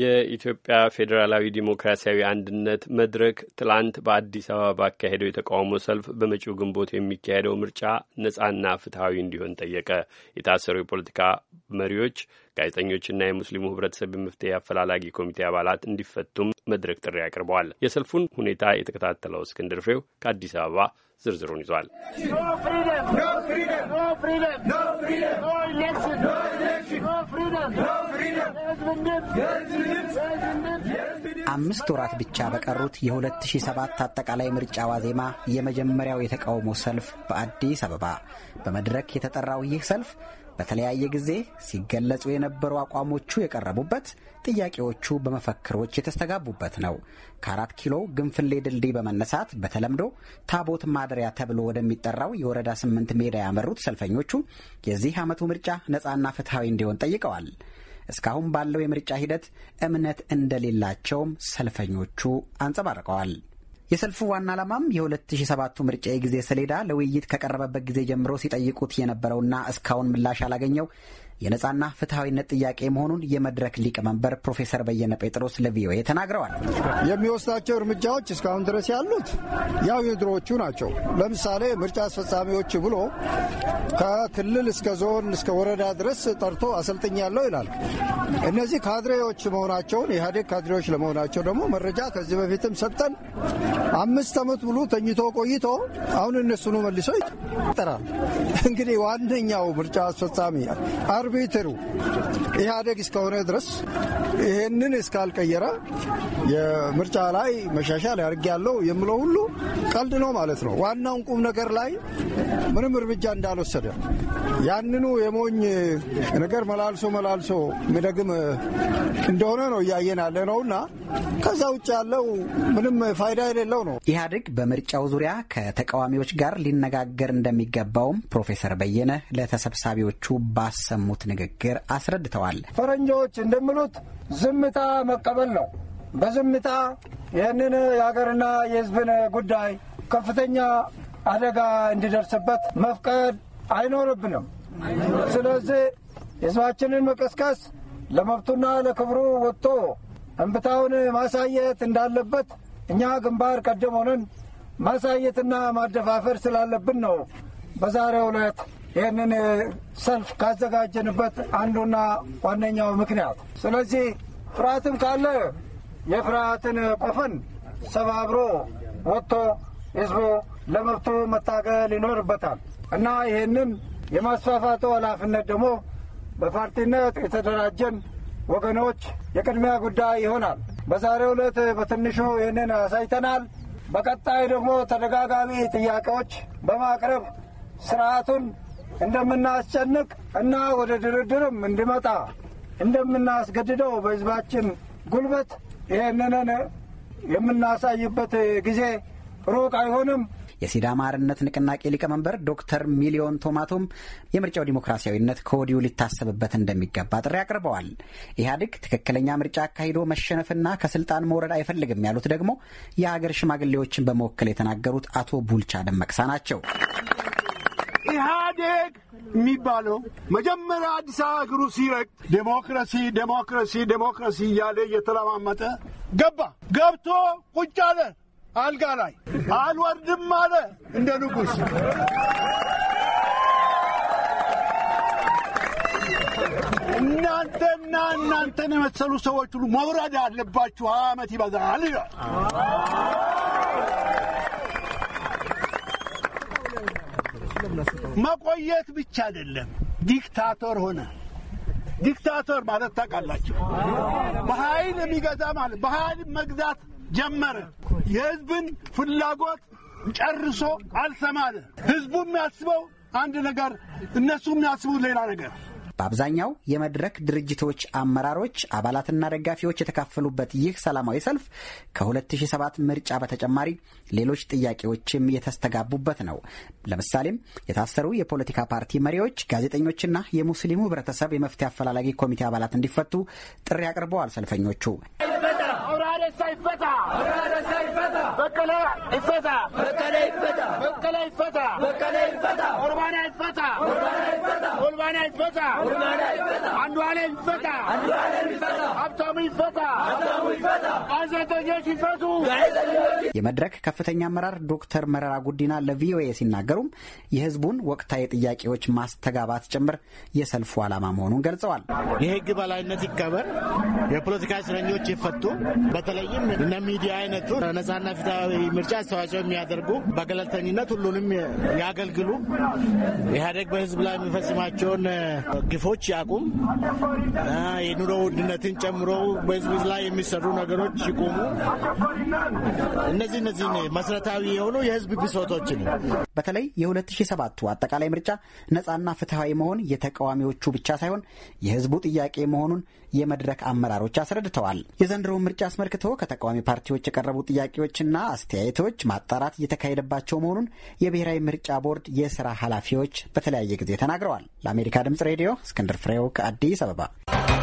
የኢትዮጵያ ፌዴራላዊ ዲሞክራሲያዊ አንድነት መድረክ ትላንት በአዲስ አበባ ባካሄደው የተቃውሞ ሰልፍ በመጪው ግንቦት የሚካሄደው ምርጫ ነጻና ፍትሐዊ እንዲሆን ጠየቀ። የታሰሩ የፖለቲካ መሪዎች፣ ጋዜጠኞችና የሙስሊሙ ህብረተሰብ መፍትሄ አፈላላጊ ኮሚቴ አባላት እንዲፈቱም መድረክ ጥሪ አቅርበዋል። የሰልፉን ሁኔታ የተከታተለው እስክንድር ፍሬው ከአዲስ አበባ ዝርዝሩን ይዟል። freedom! No freedom! No freedom! No election! No election! No freedom! No freedom! አምስት ወራት ብቻ በቀሩት የ2007 አጠቃላይ ምርጫ ዋዜማ የመጀመሪያው የተቃውሞ ሰልፍ በአዲስ አበባ በመድረክ የተጠራው ይህ ሰልፍ በተለያየ ጊዜ ሲገለጹ የነበሩ አቋሞቹ የቀረቡበት፣ ጥያቄዎቹ በመፈክሮች የተስተጋቡበት ነው። ከአራት ኪሎ ግንፍሌ ድልድይ በመነሳት በተለምዶ ታቦት ማደሪያ ተብሎ ወደሚጠራው የወረዳ ስምንት ሜዳ ያመሩት ሰልፈኞቹ የዚህ ዓመቱ ምርጫ ነፃና ፍትሐዊ እንዲሆን ጠይቀዋል። እስካሁን ባለው የምርጫ ሂደት እምነት እንደሌላቸውም ሰልፈኞቹ አንጸባርቀዋል። የሰልፉ ዋና ዓላማም የ2007ቱ ምርጫ የጊዜ ሰሌዳ ለውይይት ከቀረበበት ጊዜ ጀምሮ ሲጠይቁት የነበረውና እስካሁን ምላሽ አላገኘው የነጻና ፍትሐዊነት ጥያቄ መሆኑን የመድረክ ሊቀመንበር ፕሮፌሰር በየነ ጴጥሮስ ለቪኦኤ ተናግረዋል። የሚወስዳቸው እርምጃዎች እስካሁን ድረስ ያሉት ያው የድሮዎቹ ናቸው። ለምሳሌ ምርጫ አስፈጻሚዎች ብሎ ከክልል እስከ ዞን እስከ ወረዳ ድረስ ጠርቶ አሰልጥኛለሁ ይላል። እነዚህ ካድሬዎች መሆናቸውን የኢህአዴግ ካድሬዎች ለመሆናቸው ደግሞ መረጃ ከዚህ በፊትም ሰጠን። አምስት ዓመት ብሎ ተኝቶ ቆይቶ አሁን እነሱኑ መልሶ ይጠራል። እንግዲህ ዋነኛው ምርጫ አስፈጻሚ አርቢትሩ ኢህአዴግ እስከሆነ ድረስ ይህንን እስካልቀየረ የምርጫ ላይ መሻሻል ያደርግ ያለው የምለው ሁሉ ቀልድ ነው ማለት ነው። ዋናውን ቁም ነገር ላይ ምንም እርምጃ እንዳልወሰደ ያንኑ የሞኝ ነገር መላልሶ መላልሶ የሚደግም እንደሆነ ነው እያየን ያለ ነው እና ከዛ ውጭ ያለው ምንም ፋይዳ የሌለው ነው። ኢህአዴግ በምርጫው ዙሪያ ከተቃዋሚዎች ጋር ሊነጋገር እንደሚገባውም ፕሮፌሰር በየነ ለተሰብሳቢዎቹ ባሰሙት ንግግር አስረድተዋል። ፈረንጆች እንደሚሉት ዝምታ መቀበል ነው። በዝምታ ይህንን የሀገርና የህዝብን ጉዳይ ከፍተኛ አደጋ እንዲደርስበት መፍቀድ አይኖርብንም። ስለዚህ የህዝባችንን መቀስቀስ ለመብቱና ለክብሩ ወጥቶ እንብታውን ማሳየት እንዳለበት እኛ ግንባር ቀደም ሆነን ማሳየትና ማደፋፈር ስላለብን ነው። በዛሬው ዕለት ይህንን ሰልፍ ካዘጋጀንበት አንዱና ዋነኛው ምክንያት። ስለዚህ ፍርሃትም ካለ የፍርሃትን ቆፈን ሰባብሮ ወጥቶ ህዝቡ ለመብቱ መታገል ይኖርበታል እና ይህንን የማስፋፋቱ ኃላፊነት ደግሞ በፓርቲነት የተደራጀን ወገኖች የቅድሚያ ጉዳይ ይሆናል። በዛሬው ዕለት በትንሹ ይህንን አሳይተናል። በቀጣይ ደግሞ ተደጋጋሚ ጥያቄዎች በማቅረብ ስርዓቱን እንደምናስጨንቅ እና ወደ ድርድርም እንዲመጣ እንደምናስገድደው በህዝባችን ጉልበት ይህንን የምናሳይበት ጊዜ ሩቅ አይሆንም። የሲዳማ አርነት ንቅናቄ ሊቀመንበር ዶክተር ሚሊዮን ቶማቶም የምርጫው ዲሞክራሲያዊነት ከወዲሁ ሊታሰብበት እንደሚገባ ጥሪ አቅርበዋል። ኢህአዴግ ትክክለኛ ምርጫ አካሂዶ መሸነፍና ከስልጣን መውረድ አይፈልግም ያሉት ደግሞ የሀገር ሽማግሌዎችን በመወከል የተናገሩት አቶ ቡልቻ ደመቅሳ ናቸው። ኢህአዴግ የሚባለው መጀመሪያ አዲስ አበባ እግሩ ዴሞክራሲ ዴሞክራሲ ዴሞክራሲ እያለ እየተለማመጠ ገባ ገብቶ ቁጭ አለ። አልጋ ላይ አልወርድም አለ እንደ ንጉሥ። እናንተና እናንተን የመሰሉ ሰዎች ሁሉ መውረድ አለባችሁ፣ አመት ይበዛል መቆየት ብቻ አይደለም፣ ዲክታቶር ሆነ። ዲክታቶር ማለት ታውቃላችሁ፣ በኃይል የሚገዛ ማለት በኃይል መግዛት ጀመረ። የህዝብን ፍላጎት ጨርሶ አልሰማለ። ህዝቡ የሚያስበው አንድ ነገር፣ እነሱ የሚያስቡት ሌላ ነገር። በአብዛኛው የመድረክ ድርጅቶች አመራሮች፣ አባላትና ደጋፊዎች የተካፈሉበት ይህ ሰላማዊ ሰልፍ ከ2007 ምርጫ በተጨማሪ ሌሎች ጥያቄዎችም የተስተጋቡበት ነው። ለምሳሌም የታሰሩ የፖለቲካ ፓርቲ መሪዎች፣ ጋዜጠኞችና የሙስሊሙ ህብረተሰብ የመፍትሄ አፈላላጊ ኮሚቴ አባላት እንዲፈቱ ጥሪ አቅርበዋል ሰልፈኞቹ። مدرسة يفتح مدرسة يفتح بكلا يفتح بكلا يفتح بكلا يفتح بكلا يفتح قربان يفتح قربان ኩርማና ይፈታ፣ አንዱዓለም ይፈታ፣ ሀብታሙ ይፈታ፣ ጋዜጠኞች ይፈቱ። የመድረክ ከፍተኛ አመራር ዶክተር መረራ ጉዲና ለቪኦኤ ሲናገሩም የህዝቡን ወቅታዊ ጥያቄዎች ማስተጋባት ጭምር የሰልፉ ዓላማ መሆኑን ገልጸዋል። የህግ በላይነት ይከበር፣ የፖለቲካ እስረኞች ይፈቱ፣ በተለይም እነ ሚዲያ አይነቱ ነጻና ፍትሃዊ ምርጫ አስተዋጽኦ የሚያደርጉ በገለልተኝነት ሁሉንም ያገልግሉ። ኢህአዴግ በህዝብ ላይ የሚፈጽማቸው የሚደርሰውን ግፎች ያቁም። የኑሮ ውድነትን ጨምሮ በህዝብ ላይ የሚሰሩ ነገሮች ይቁሙ። እነዚህ እነዚህ መሰረታዊ የሆኑ የህዝብ ነው። በተለይ የ 2007 አጠቃላይ ምርጫ ነጻና ፍትሐዊ መሆን የተቃዋሚዎቹ ብቻ ሳይሆን የህዝቡ ጥያቄ መሆኑን የመድረክ አመራሮች አስረድተዋል። የዘንድሮውን ምርጫ አስመልክቶ ከተቃዋሚ ፓርቲዎች የቀረቡ ጥያቄዎችና አስተያየቶች ማጣራት እየተካሄደባቸው መሆኑን የብሔራዊ ምርጫ ቦርድ የስራ ኃላፊዎች በተለያየ ጊዜ ተናግረዋል። ለአሜሪካ ድምጽ ሬዲዮ እስክንድር ፍሬው ከአዲስ አበባ